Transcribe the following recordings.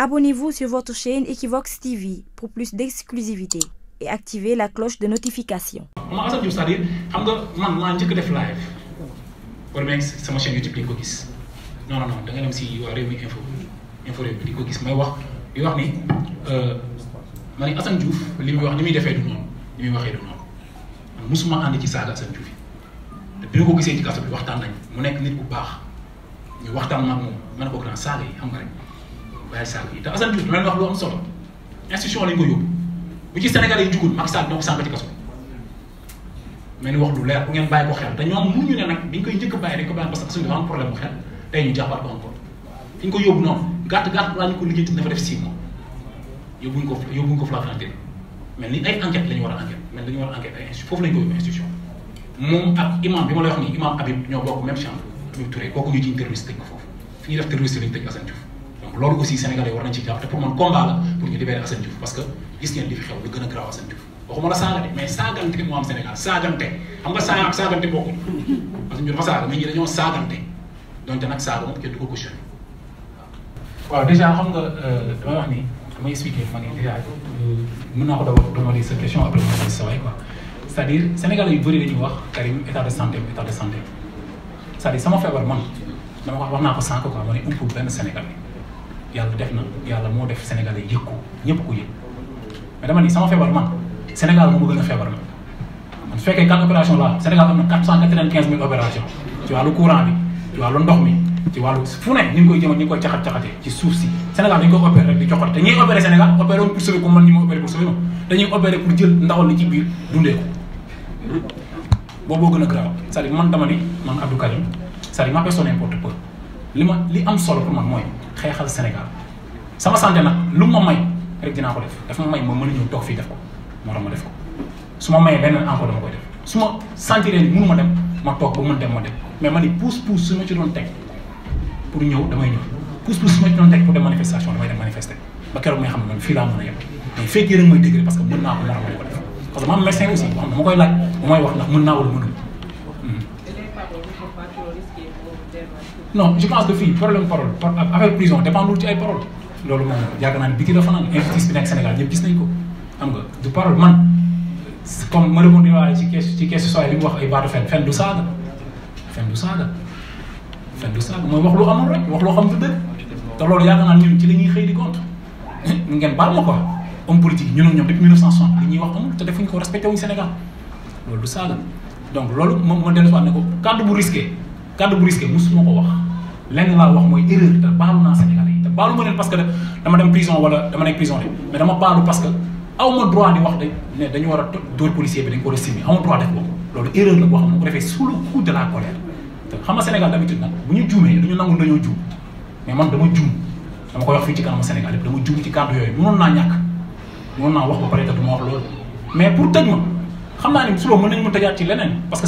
Abonnez-vous sur votre chaîne Equivox TV pour plus d'exclusivité et activez la cloche de notification. moom Assane Diouf cest xam nga man maa njëkk def live wala même sama chaîne YouTube di ko gis non da nga dem si di ko gis may wax di wax ni euh, ma ne Assane li muy wax ni muy defee du noonu li muy waxee du noonu man ànd ci saaga Assane Diouf te bi ñu ko gisee ci bi waxtaan nañ mu nekk nit bu baax ñu waxtaan ma ak moom man a ko grand saaga yi xam nga rek. Baye Sall yi te Assane Diouf dina leen wax ko yóbbu bu ci Sénégal yi jugul Macky Sall dina ko sàmba ci wax lu leer bu ngeen bàyyi ko xel te ñoom mënuñu ne nag koy njëkk bàyyi dañ ko bàyyi parce que Assane dafa am ko encore fi ñu ko yóbbu noonu ko liggéey dafa def six ko ko ni la war a enquête mais dañu moom ak imam bi ma lay wax nii imam Habib ñoo bokk même chambre Habib Touré kooku ñu jiñ terroriste tëj ko foofu fi ñuy def terroriste lañu tëj Assane Diouf loolu aussi sénégalais war nañ ci jàpp te pour man combat la pour ñu libérer Assane Diouf parce que gis ngeen li fi xew lu gën a garaaw Assane Diouf waxuma la saaga de mais saagante moo am Sénégal saagante xam nga saaga ak saagante bokkul parce que ñu dafa saaga mais ñi dañoo saagante donte nag saaga moom kenn du ko cautionné waaw déjà xam nga euh, damay wax ni damay expliquer ma ne déjà mën naa ko doon demander sa question après ma gis sa waay quoi c'est-à-dire sénégalais yu bëri dañuy wax Karim état de santé état de santé c'est-à-dire sama feebar man dama wax wax naa ko sànq quoi ma ne umpul benn sénégalais yàlla def na yàlla moo def sénégalais yëg ko ñëpp ko yëg mais dama ni sama feebar man Sénégal moo gën a feebar man man su fekkee quatre opération la Sénégal am na quatre cent quatre vingt ci mi ci wàllu fu ne ngi koy jëmal ñu ngi koy caxat caxatee ci suuf si Sénégal dañu koy opéré di joxote te ñuy opéré Sénégal opéré woon pour sauver ko man ñu ma opéré pour sauver moom dañuy opéré pour jël ndawal li ci biir dundee ko booboo gën a grave c'est-à-dire man dama ni man Abdou Karim ma personne importe peu li ma li am solo pour man mooy xeexal Sénégal sama santé nag lu ma may rek dinaa ko def daf ma may ma mën a ñëw toog fii def ko moo tax ma def ko su ma mayee leneen encore dama koy def su ma sentiree ni mënu ma dem ma toog ba mën dem ma dem mais ma ni pousse pousse su ma ci doon teg pour ñëw damay ñëw pousse pousse su ma ci doon teg pour dem manifestation damay dem manifester ba keroog may xam ne man fii laa mën a yem mais fekk yéen a ngi may déglu parce que mën naa ko mën a ko def parce que ma am médecin aussi boo xam ne ma koy laaj bu may wax ndax mën naa wala mënul non je pense que fii problème parole affaire prison dépendul ci ay parole loolu moom yàgg naa ne biti la fanaan injustice bi nekk Sénégal ñëpp gis nañ ko xam nga du parole man comme ma demoon di waaye ci kees ci kees sooy li mu wax ay baatu fen fen du saaga fen du saaga wax lu amul rek wax loo xam du dëgg loolu yaakaar naa ñun ci la ñuy xëy di compte ngeen baal ma quoi homme politique ñun ak ñoom depuis 1960 li ñuy wax amul te defuñ ko respecté wuñ Sénégal loolu du saaga donc loolu moom moo dellusiwaat ne ko kàddu bu risqué. kàddu bu risqué mosuma ko wax lenn wax mooy erreur te baalu naa Sénégalais yi te baalu ma leen parce dama dem prison wala dama nekk prison de mais dama baalu parce que aw ma droit di wax de ne dañu war a dóor policier bi dañ ko war a simi aw ma droit mais man dama juum dama koy wax fii ci kanamu Sénégal dama juum ci kàddu yooyu mënoon naa ñàkk mënoon naa wax ba pare te du wax loolu mais pour tëj ma xam naa ne su loolu nañu ma tëjaat ci leneen parce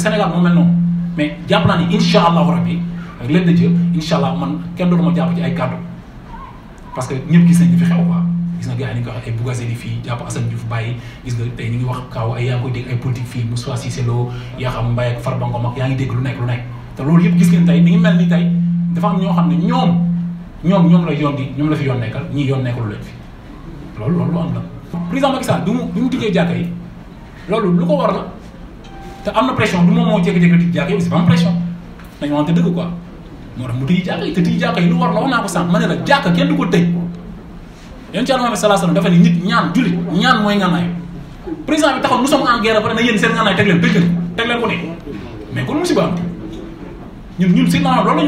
mais jàpp naa ni incha allahu rabi ak leen na jël incha allah man kenn doonu ma jàpp ci ay kàddu parce que ñëpp gis nañ fi xew quoi gis ko fii jàpp Assane Diouf bàyyi gis nga tey ñu ngi wax kaw ay yaa ngi koy dégg ay politique fii Moussa Cissé Lo yaa xam Mbaye ak Farba Ngom ak yaa ngi dégg lu nekk lu nekk te loolu yëpp gis ngeen tey ni ngi mel ni tey dafa am ñoo xam ne ñoom ñoom ñoom la yoon di ñoom la fi yoon nekkal ñii yoon nekkal lu leen fi loolu loolu lu am la président Macky Sall bi loolu lu ko war te am na pression du moom moo jékki-jékki di jàkka yi c'est pas une pression dañu wante dëgg quoi moo tax mu tëj te tëj jàkka yi lu war la naa ko sànq ma ne la jàkka kenn du ko tëj yéen ci Muhammad sallallahu alayhi wasallam dafa ne nit ñaan mooy ngànnaay président bi taxaw nous sommes en guerre ba na yéen seen ngànnaay teg leen tëj la ñu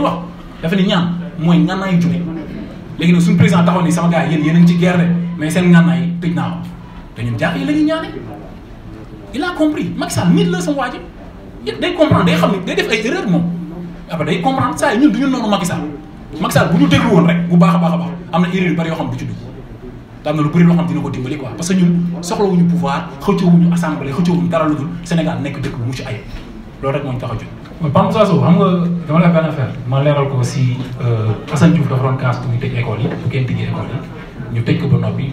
wax dafa ne ñaan mooy ngànnaayu jullit léegi nag suñu président taxaw ni sama gars yi yéen yéen a ngi ci guerre mais seen ngànnaay tëj naa te ñun jàkka yi la ñuy ñaane il a compris Macky Sall nit la sama waa day comprendre day xam ne day def ay erreur moom après day comprendre saa yi ñun du ñu noonu Macky Sall Macky bu ñu déglu woon rek bu baax a baax a baax am na erreur yu bëri yoo xam du ci dugg na lu bëri loo xam dina ko dimbali quoi parce que ñun soxlawuñu pouvoir xëccoowuñu assemblée xëccoowuñu dara lu dul Sénégal nekk dëkk bu mucc ayib loolu rek moo ñu tax a jóg Pam Sassou ma leeral ko si euh, Assane Diouf dafa doon kaas ko ba noppi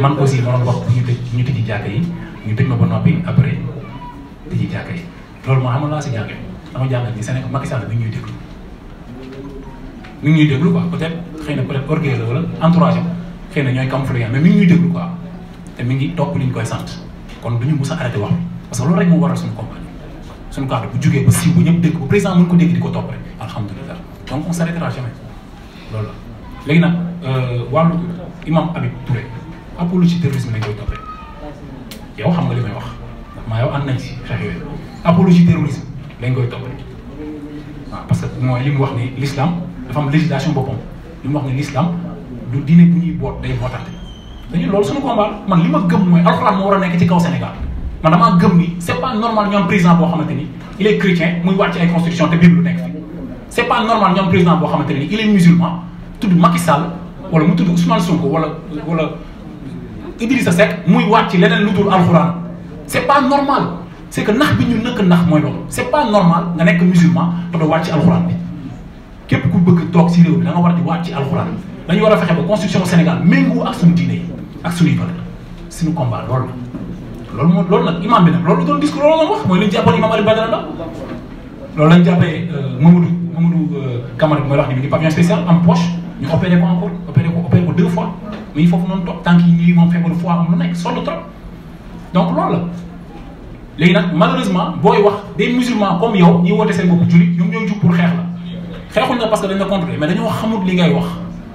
man aussi ma doon wax ñu tëj ñu yi ñu tëj ma ba noppi après di ci jàkkee loolu moo xamal laa si jàkkee dama jàngat ni Sénégal Macky mu mi ngi ñuy déglu mi ngi ñuy déglu quoi peut être xëy na peut être orgueil la wala entourage xëy na ñooy camoufler mais mi ngi ñuy déglu quoi te mi ngi topp li ñu koy sant kon du ñu mus a arrêté wax parce que loolu rek moo waral suñu compagnie suñu cadre bu jugee ba siiw bu ñëpp dégg ko président mën ko dégg di ko topp rek alhamdulilah donc on s'arrêtera jamais loolu la léegi nag euh, wàllu imam Habib Touré apologie terrorisme yow xam nga li may wax maa yow ànd nañ si xeex yooyu apologie terrorisme dañ koy topp waaw parce que mooy li mu wax ni l'islam dafa am législation boppam li mu wax ni l'islam du diine bu ñuy boot day bootante dañu loolu suñu combat man li ma gëm mooy alxuraan moo war a nekk ci kaw Sénégal man damaa gëm ni c'est pas normal ñoom président boo xamante ni il est chrétien muy wàcc ay constitution te bible lu nekk fi c'est pas normal ñoom président boo xamante ni il est musulman tudd Macky Sall wala mu tudd Ousmane Sonko wala wala Idrissa Seck muy waat ci leneen lu dul alxuraan c' est pas normal c' que nax bi ñu nëkk nax mooy loolu c' est pas normal nga nekk musulman te doo ci alxuraan bi képp ku bëgg toog si réew mi da nga war di waat ci alxuraan dañu war a fexe ba constitution Sénégal méngoo ak suñu diine ak suñuy valeur suñu combat loolu la. loolu moom loolu nag imam bi nag loolu doon discours loolu moom wax mooy li ñu imam Ali Badara loolu lañ jàppee euh, Mamadou Mamadou euh, Camara ko deux fois mi ngi foofu noonu toog tànk yi ñuy moom feebaru foie am trop donc loolu la léegi nag malheureusement booy wax des musulmans comme yow ñi woote seen bopp jullit ñoom ñooy jug pour xeex la xeexuñ na parce que dañ la contrôler mais dañoo xamut li ngay wax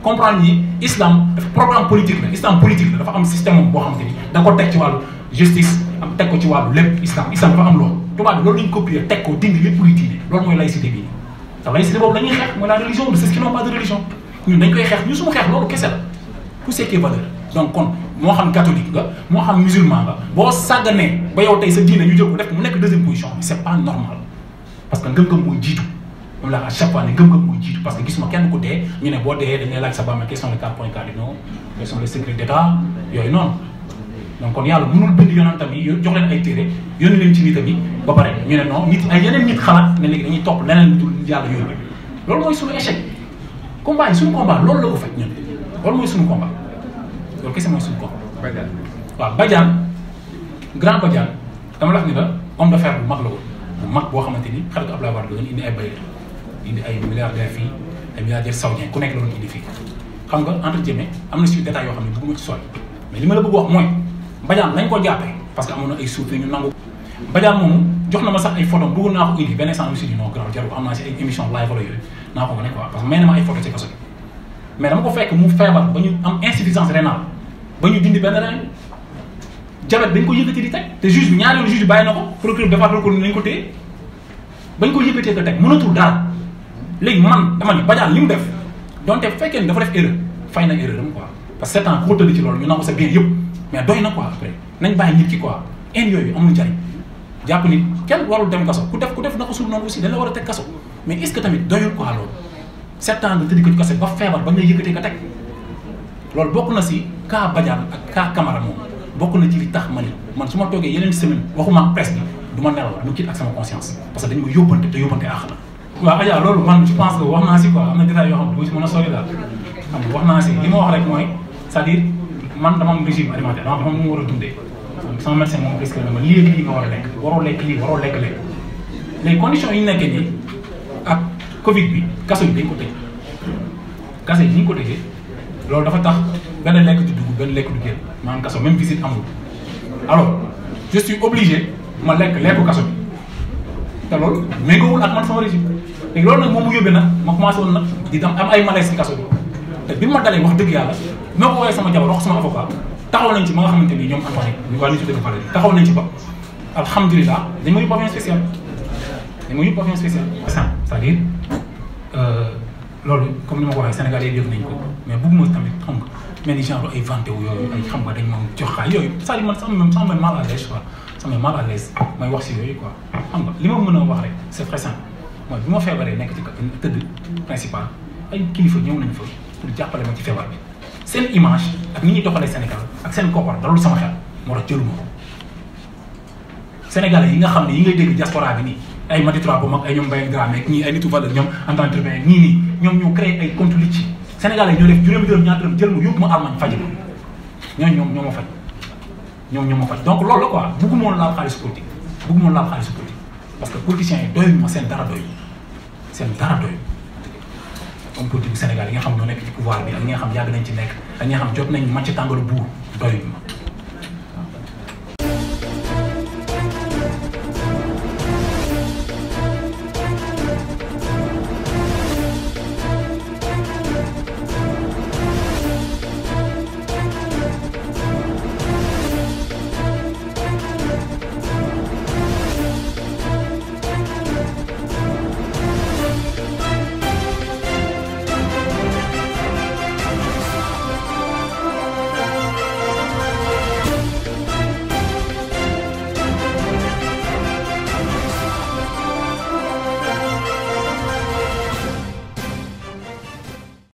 comprendre ni islam dafa programme politique islam politique la dafa am système am boo xam te ni da ko teg ci wàllu justice am ci walu lépp islam islam dafa am loolu tubaab bi loolu lañ copier teg ko dindi lépp luy diine loolu mooy laïcité mooy la ñun dañ koy xeex ñun suñu xeex loolu kese la pour sekkee valeur donc kon moo xam catholique nga moo xam musulman nga boo sàgganee ba yow tey sa diine ñu jël ko def mu nekk deuxième position bi c'est pas normal parce que ngëm-ngëm mooy jiitu moom la à chaque fois ne ngëm-ngëm mooy jiitu parce que gisuma kenn ku dee ñu ne boo dee dañ lay laaj sa bàmmeel quels sont les quatre points cardinaux quels sont yooyu noonu donc kon yàlla mënul bind yonentam yi jox leen ñu ne non nit ay yeneen nit xalaat ne léegi dañuy topp leneen dul yàlla yónni loolu combat yi suñu combat loolu la ko faj ñun loolu mooy suñu combat loolu kese mooy suñu combat. Badiane waaw Badiane grand Badiane dama la wax ni la homme d'affaires bu mag la ko bu mag boo xamante ni xaritu Abdoulaye Wade la doon indi ay bailleurs indi ay milliardaires fii ay milliardaires saoudiens ku nekk la doon indi fii. xam nga entre guillemets am na suñu détails yoo xam ne bëgguma ci sori mais li ma la bëgg wax mooy Badiane nañ ko jàppee parce que amoon na ay suuf yu ñu nangu. Badiane moomu jox na ma sax ay photos bëggoon naa ko indi benn sens mu naa ko wane quoi parce que may na ma ay photo ci kaso bi mais dama ko fekk ba ñu am insuffisance rénale ba ñu dañ ko yëkkati di teg te juge bi ñaari yoon na ko procureur defaat recours nañ ko téye bañ ko yëkkatee ko teg mënatul daal léegi man dama ne bajaan li mu def donte fekkee ni dafa def erreur na erreur am quoi parce que sept ans loolu ñu nangu sa bien yëpp mais doy na quoi après nañ bàyyi nit ki quoi en yooyu amul njariñ jàpp ni kenn warul dem kaso ku def ku def na ko sul noonu aussi dañ la war a teg kaso mais est-ce que tamit doyul ko ci kaso ba feebar ba nga yëkkatee ko loolu bokk na si cas Badiane ak cas Camara moom na ci li tax ma man su ma toogee yeneen semaine waxuma presse bi du ma du ma yóbbante te yóbbante àq la. waaw Adja loolu man je pense que wax naa si quoi am na détails yoo xam ne du ma sori daal xam nga wax naa si li ma wax rek mooy c'est-à-dire man dama am régime alimentaire dama am mu war a dundee sama médecin moom presque ne ma lii lii nga war a lekk waroo lekk lii waroo lekk lekk les conditions yi nekkee nii. Covid bi kaso yi dañ ko tëj kaso bi ni ñu ko tëjee loolu dafa tax benn lekk du dugg benn lekk du génn maanaam kaso même visite amul alors je suis obligé ma lekk lekku kaso bi te loolu méngoowul ak man sama régime léegi loolu nag moom woon nag di dem am ay malaise ci kaso bi te bi wax dëgg yàlla noo ko woowee sama jabar wax sama avocat taxaw nañ ci ma nga xamante ni ñoom am wax ñu waa ni ci dëgg pare taxaw nañ ci ba alhamdulilah dañ may bobien spécial dañoo yóbbu avion spécial Assane c'est-à-dire euh, loolu comme ni ma ko waxee Sénégal yi yëg nañ ko mais bëgguma tamit xam nga mel ni genre ay vanté wu yooyu xam nga dañ moom jox xaay yooyu c'est-à-dire man sama même sama mal à l'aise quoi sama wax si yooyu ko xam nga li ma mën a wax rek c'est très simple bi ma feebaree nekk ci tëdd principal ay kilifa ñëw nañ fa pour jàppale ma ci feebar bi seen image ak ni ñuy doxalee Sénégal ak seen koppar dalul sama xel moo tax jëluma ko Sénégalais yi nga xam ne yi ngay dégg diaspora ay Mati Trois mag ay ñoom Mbaye Dramé ak ñii ay nitu valeur ñoom Anta Entrepreneur ñii nii ñoom ñoo créé ay compte lici Sénégalais ñoo def juróomi dërëm ñaar dërëm jël mu yóbbu ma Allemagne ñoom ñoo ma faj ñoom ñoo ma faj donc loolu la quoi bëgguma woon laal xaalis politique bëgguma woon laal xaalis politique parce que politiciens yi doyul seen dara doyul seen dara doyul homme yi xam ñoo nekk ci pouvoir bi ak ñi xam yàgg nañ ci nekk ak ñi nga xam jot nañ màcc tàngalu buur doyul ma